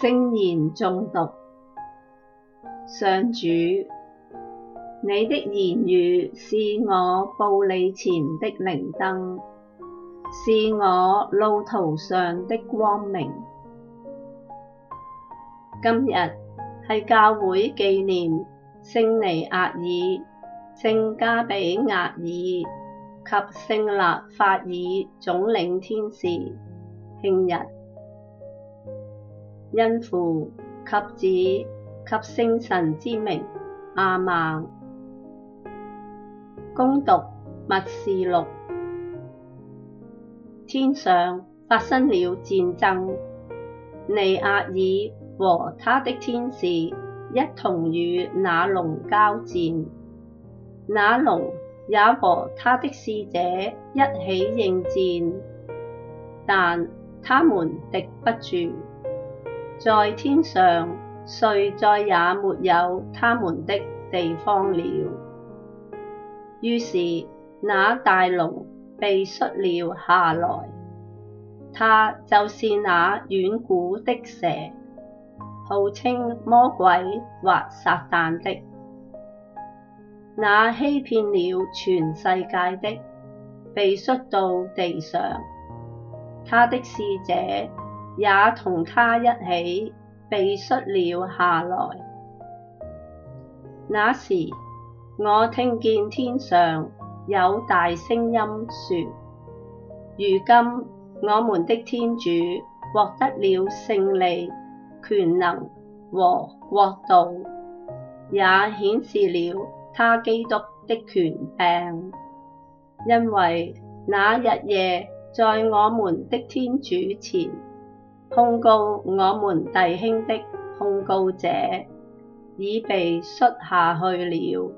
聖言誦讀，上主，你的言語是我步履前的靈燈，是我路途上的光明。今日係教會紀念聖彌額爾、聖加俾額爾及聖辣法耳總領天使慶日。因父及子及聖神之名，阿曼。恭讀默示錄，天上發生了戰爭。彌額爾和他的天使一同與那龍交戰，那龍也和他的使者一起應戰，但他們敵不住。在天上，遂再也沒有他們的地方了。於是那大龍被摔了下來，他就是那遠古的蛇，號稱魔鬼或撒殫的，那欺騙了全世界的，被摔到地上，他的使者，也同他一起被摔了下來。那時，我聽見天上有大聲音說：如今我們的天主獲得了勝利、權能和國度，也顯示了他基督的權柄，因為那日夜在我們的天主前。控告我們弟兄的控告者，已被摔下去了。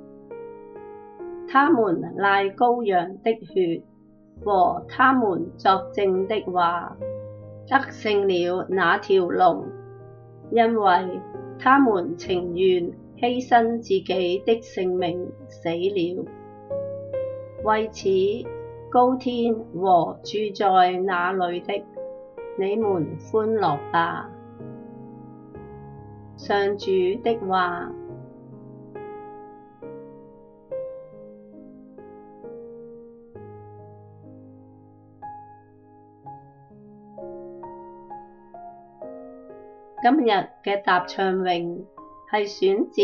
他們賴羔羊的血和他們作證的話，得勝了那條龍，因為他們情願犧牲自己的性命死了。為此，高天和住在那裏的，你們歡樂吧！上主的話，今日嘅答唱詠係選自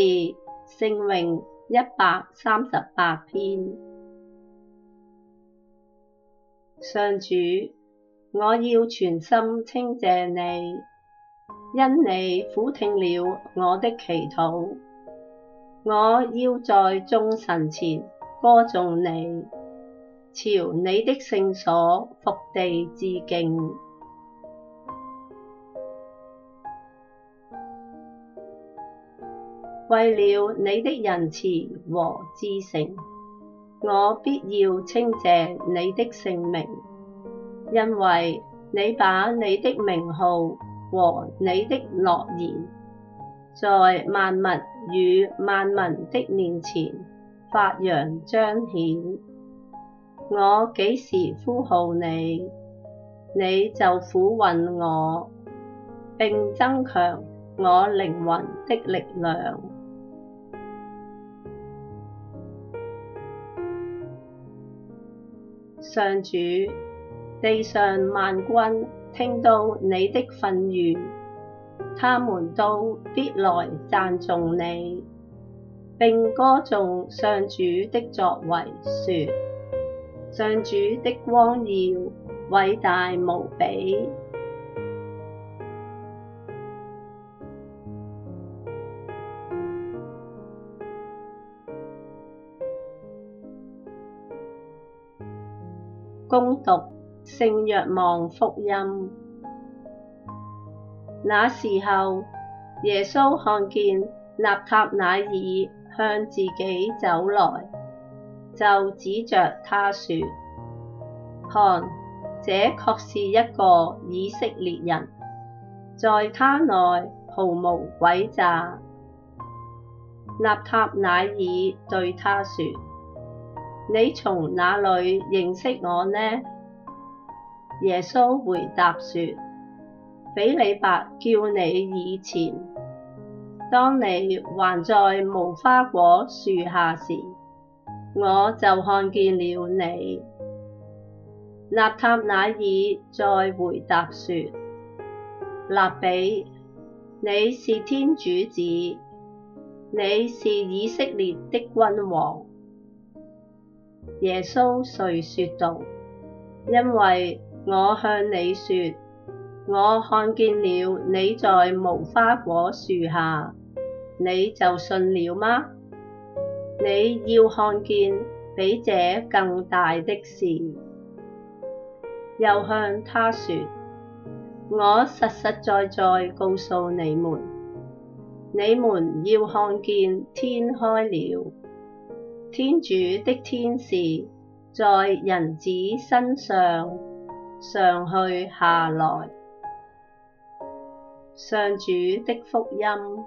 聖詠一百三十八篇。上主。我要全心稱謝你，因你俯聽了我的祈禱。我要在眾神前歌頌你，朝你的聖所伏地致敬。為了你的仁慈和至誠，我必要稱謝你的聖名。因為你把你的名號和你的諾言，在萬物與萬民的面前發揚彰顯，我幾時呼號你，你就俯允我，並增強我靈魂的力量，上主。地上萬君聽到你的訓諭，他們都必來讚頌你，並歌頌上主的作為，說：上主的光耀偉大無比。恭讀。聖若望福音，那時候，耶穌看見納塔乃耳向自己走來，就指着他説：看，這確是一個以色列人，在他內毫無詭詐。納塔乃耳對他説：你從哪裏認識我呢？耶穌回答說：斐理伯叫你以前，當你還在無花果樹下時，我就看見了你。納塔乃耳再回答說：辣彼，你是天主子，你是以色列的君王。耶穌遂說道：因為我向你説，我看見了你在無花果樹下，你就信了嗎？你要看見比這更大的事。又向他説：我實實在在告訴你們，你們要看見天開了，天主的天使在人子身上，上去下來，上主的福音。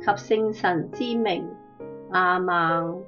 及聖神之名，阿孟。